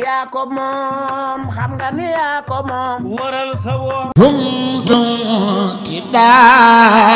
yaa ko moom xam nga ni yaa ko moom waral sa woor. rumtum ti daa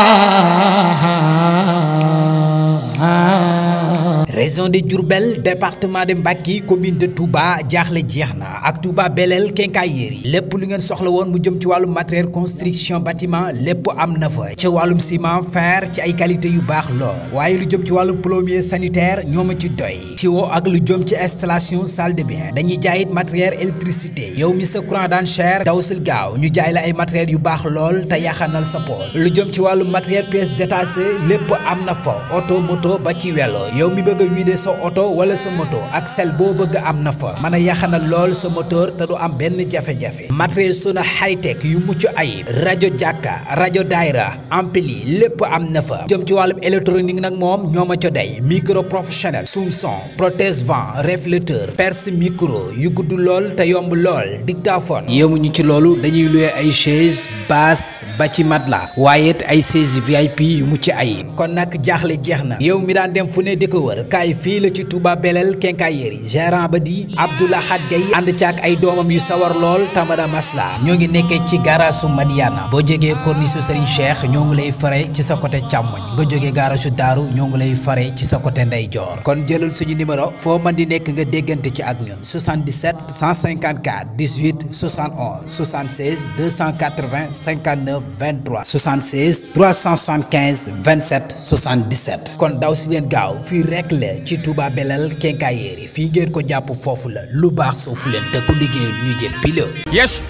région de Diourbel département de Mbacké commune de Touba jaaxle jeex ak Touba Belel Quincaillerie Lepp lu ngeen soxla won mu jëm ci walum matériel construction bâtiment lepp am na fa ci walum ciment fer ci ay qualité yu bax lool Waye lu jëm ci walum plombier sanitaire ñoma ci doy Ci wo ak lu jëm ci installation salle de bain dañuy jaayit matériel électricité yow mi sa courant daan cher daw sil gaaw ñu jaay la ay matériel yu bax lool ta yaxanal sa poche lu jëm ci walum matériel pièce détachée, lepp am na fa Auto, moto ba ci wélo. yow mi bëgg bëgg a wiide sa oto wala sa moto ak sel boo bëgg am na fa mën a yaxanal lool sa moteur te am benn jafe matériel Sona high tech yu mucc ayib rajo jàkka rajo daayra ampli lépp am na fa jëm ci wàllum électronique nag moom ñoo ma co day micro professionnel sum son protège vent réflecteur perce micro yu gudd lool te yomb lool dictaphone yemuñu ci loolu dañuy luwee ay chaise basse ba ci matelas waaye ay chaise yu mucc ayib kon nag jaaxle jeex na yow mi daan dem fu ne di ko wër dëkkaay fii la ci Touba Belel Quincaillerie gérant ba di Abdou Lahad Gaye ànd caak ay doomam yu sawar lool tamada masla ñoo ngi nekkee ci garage su Madiana boo jógee corniche Serigne Cheikh ñoo ngi lay fare ci sa côté càmmoñ nga jógee garage su Daaru ñoo ngi lay fare ci sa côté ndeyjoor kon jëlal suñu numéro foo man di nekk nga déggante ci ak ñun 77 154 18 71 76 280 59 23 76 375 27 77 kon daw si leen gaaw fii rek la ci Touba Belal kenkayere fi ngeen ko japp fofu la lu bax sofu len te ku liggey ñu pile yes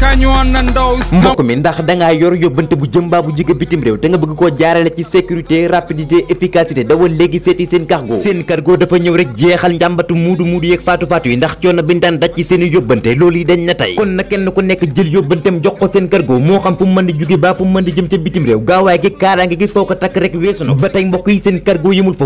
ka ñu won na ndaw mbokk mi ndax nga yor yóbbante bu jëmba bu jige bitim rew te nga bëgg ko jaarale ci sécurité rapidité efficacité dawal léegi seeti seen cargo seen cargo dafa ñew rek jéxal njambatu mudu mudu yek fatu fatu yi ndax coono bi daan ci seen yóbbante loolu yi dañ na tay kon na kenn ku nekk jël yóbbanteem jox ko seen cargo mo xam fu mënd mën ba fu mënd jëm ci bitim réew gaawaay gi kaaraange gi foo ko rek weesu na ba mbokk yi seen cargo yëmul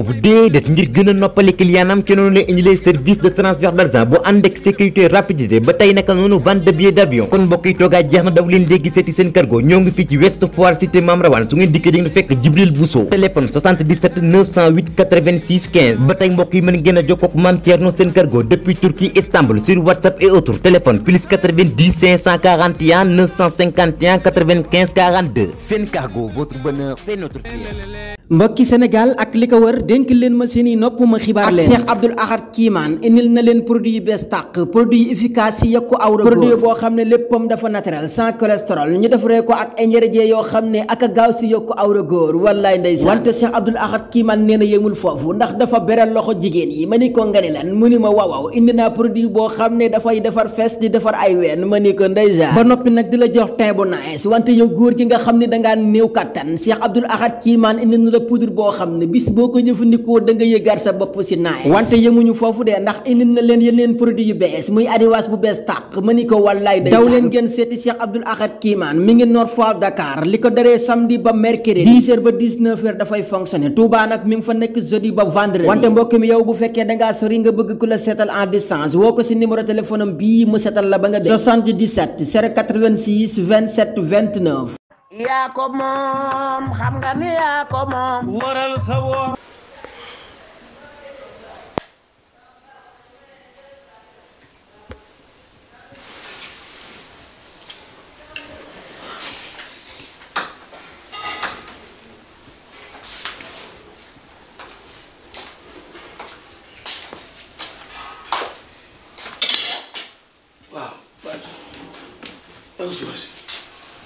ngir gën a noppali clientam ci noonu lay service de transfert d'argent bu ànd sécurité rapidité ba tey naka noonu vente de billet d'avion kon mbokk yi jeex na daw leen léegi seeti seen cargo ñoo ngi fii ci West Foire cité Mam Rawane su ngeen dikkee di ngeen fekk Jibril Bousso téléphone ba tey mbokk mën ngeen a jokkoo ak Mame cargo depuis Turquie Istanbul sur WhatsApp et autres téléphone plus 90 541 951 95 42 seen cargo votre bonheur seeni nopp ma xibaar leen ak Cheikh Abdoul Ahad Kiimaan indil na leen produit a gaaw si yokku awra góor ndax dafa beral loxo jigéen yi ma ni ko nga ni lan mu ni ma indi boo xam ne dafay defar fees di defar ay ween ma ni ko ndeysaan ba noppi nag di la jox teint bu nice wante yow góor gi nga xam ne dangaa néew kattan Cheikh Abdoul Ahad Kiimaan indi na la poudre boo xam ne bis boo ko jëfandikoo da nga yëgaat sa bop ci nay wante yemuñu fofu de ndax indi na len yeneen produit yu bes muy adiwas bu bes tak maniko wallay day daw len gen seti Cheikh abdul akhad kiman mi ngi Nord Foire Dakar liko dere samedi ba mercredi 10 h ba 19 da fay fonctionner Touba nak mi ngi fa nek jeudi ba vendredi wante mbok mi yow bu da nga sori nga bëgg kula setal en distance woko ci numéro téléphone bi mu setal la ba nga 77 086 27 29 Ya ko mom xam nga ni ya ko mom waral sa woor am suba si.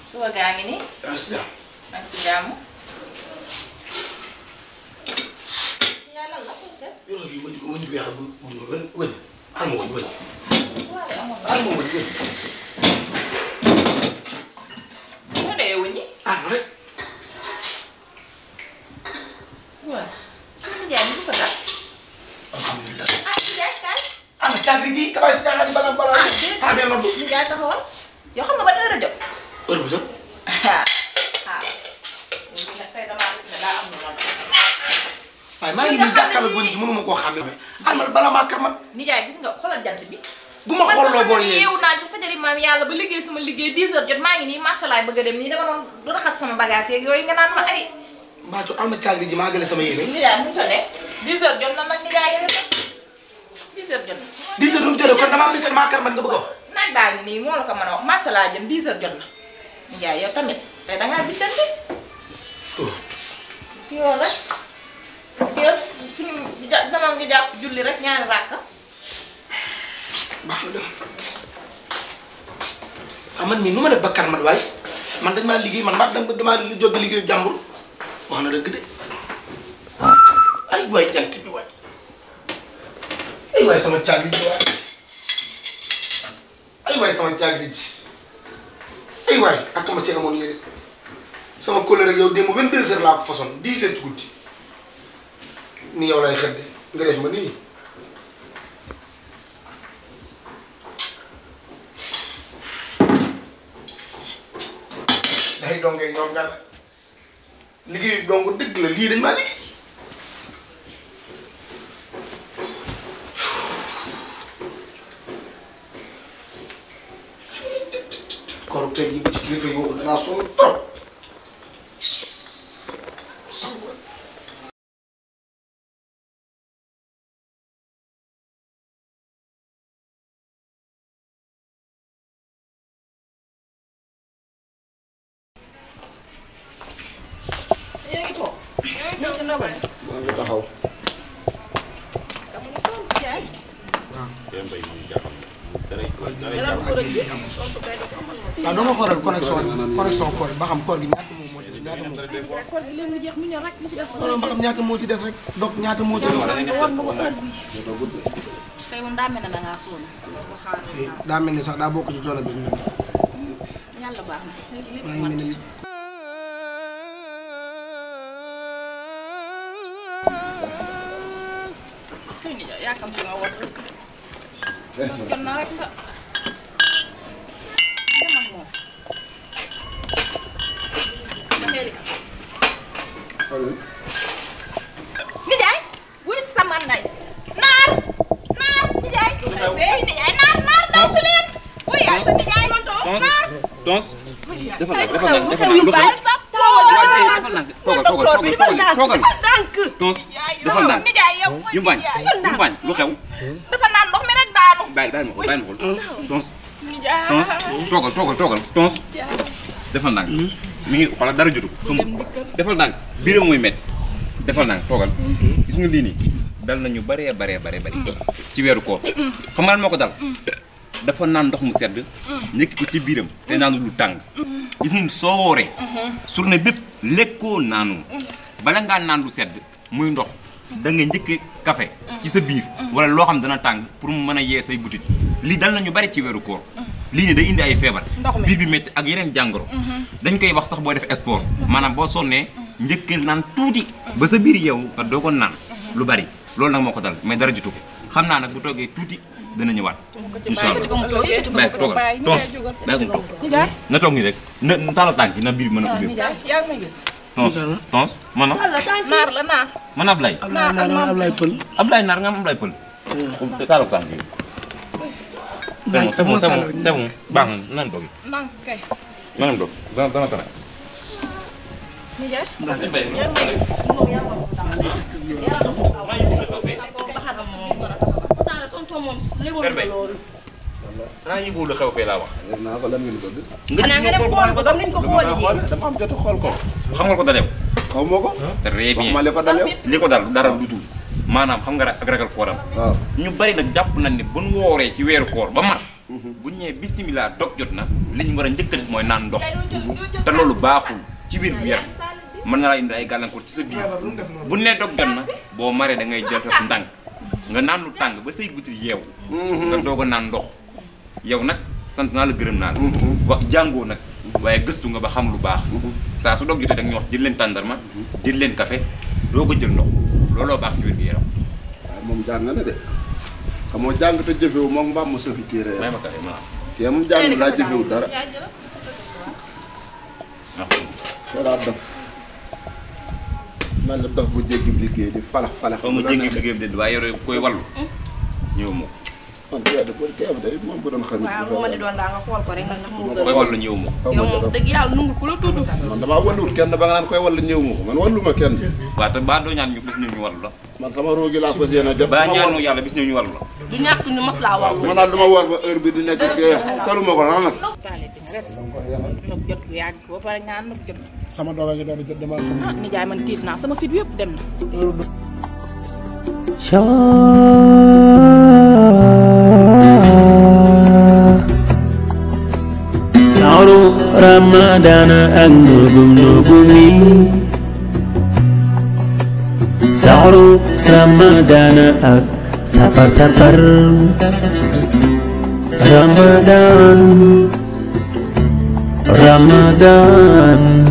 suba gaa ngi nii. yaa ngi si jàmm. maa ngi si jàmm. yàlla la ko seet. yoroo fi wëñ ko wëñ ko yàlla bu wëñ wëñ. amoo wëñ wëñ. waaw amoo wëñ wëñ. maa ngi nii jàkkaarloo góor gi mënuma koo xàmme. àndal bala maa kàmmat. nijaay gis nga xoolal bi. bu ma xooloo boor yee yeewu naa ci yàlla ba liggéey sama liggéey 10 heures jot a dem nii dama doon raxas sama bagage yooyu nga naan ma ay. Mbathio alma caal gi maa gële sama yéene. nijaay mu ngi ko dee a jot 10 nga bëgg a wax. naaj baa nii moo la ko mën a wax marché laa jëm 10 heures jot na nijaay yow tamit tey dangaa bindante. Oh. yow rek demal nga jàpp julli rek ñaari ràkka baax na demal waaw man ma def ba karmat waaye man dañ maa liggéey man maa damaa jóg liggéeyu jàmbur wax na dëgg de ay waay jant bi ay waay sama caagri ji waay ay waay sama caagri ji ay waay ak ma ci amoon yére sama collègue ak laa ko façon 10 heures ci ni orang lay xedde nga def ma nii day dongee ñoom nga liggéeyu dong dëgg la lii dañ maa liggéey ci kilifa yi maa ngi taxaw. waaw ah, doo ma xoolal connexion connexion koor ba xam koor gi ñaata moom moo ci ñaata moom. wala ba xam ñaata moo ci des rek donc ñaata moo ci des. Eh, daa mel ni sax daa bokk ci coono bi mu ne. maa menarik enggak? Ini mas mau. Nijaay, wuri sama nay. Naar, naar, nijaay. Wey, nijaay, naar, naar, daw su leen. Wuy, yaay sa nijaay. Naar. Tons, defal nak, defal nak, defal defal ndànk ñu bañ ñu bañ lu xew defal naan ndox mi rek daanu bàyyi bàyyi ma ko bàyyi ma ko tons tons toogal toogal toogal tons defal ndànk mi ngi xoolal dara jotu ko sumb defal ndànk biiram mooy met defal ndànk toogal gis nga lii nii dal nañu baree baree baree bari ci weeru koor xam nga lan moo ko dal dafa naan ndox mu sedd. nekk ko ci biiram te naanu lu tàng. gis nga soo wooree. journée bépp lekkoo naanu. bala ngaa naan lu sedd muy ndox da nga njëkkee café ci sa biir. wala loo xam dana tàng pour mu mën a yee say butit lii dal ñu bari ci weeru koor. lii ne day indi ay feebar. biir bi métti ak yeneen jàngoro. dañ koy wax sax boo def sport. maanaam boo sonnee njëkkee naan tuuti. ba sa biir yow nga doo ko naan. lu bari loolu nag moo ko dal mais dara jotu ko dana ñëwaat. incha allah mais toogal toos bàyyi ko mu toog na toog nii rek na tàllal tànk yi na biir bi mën a ubbi. yaa ngi may gis. tons tons man naar la naar. man Ablaye. naar naar naar Ablaye Pël. Ablaye naar nga am Ablaye Pël. tàllal tànk yi. c'est bon c'est bon c'est bon baax na nan doog. nan kay. maanaam doog dana dana tane. nijaay. yaa ngi may gis. yaa ngi may gis. tonton moom léboon na loolu. xanaa yëgul la laa wax. nga dem xool ko comme niñ ko xool yi am jot xool ko. xam nga ko dalew. xaw ko. très bien waxuma li ko dal dara lu dul. maanaam xam nga ra ak ragal kooram. ñu bari nag jàpp nañ ne bu nu wooree ci weeru koor ba mat. Mhm. bu ñëwee bisimilah dog jot na. li ñu war njëkk a mooy naan ndox. te loolu baaxul ci biir bu yaram mën naa indi ay gàllankoor ci sa biir bu ne dog jot na boo maree da ngay jot ndànk nga naan lu tàng ba say butit yeew mm-hmm. nga doog a naan ndox yow nag sant naa la gërëm naa la mm-hmm. wax jàngoo nag mm-hmm. waaye gëstu nga ba xam lu baax saa su doog jotee da nga ñu wax jël leen tàndarma jël leen café doog ko jël ndox looloo baax ci wér gi yaram waaye moom jàng na de xamoo jàng te jëfewu moom mbaam ma sofi téere may ma café ma kee jàng laa jëfewu dara man na dox bu jéggi liggéey di falax falax. xaw ma jéggi liggéey bi de waaye yore koy wallu. Hmm? ñëw ma ko. man yaa de booy kii am day moom bu doon xam. waaw lu ma di doon daa nga xool ko rek nag ndax ma ko. yow moom dëgg yàlla nangu ku la kenn ba nga naan koy wallu ñëw ma ko man wallu ma kenn. waaw te baa doo ñaan ñu bis ñëw ñu wallu la. man sama roogi yàlla bis ñëw ñu wallu la du ñàkk ñu ah, nugum nugum sabar-sabar Ramadan Ramadan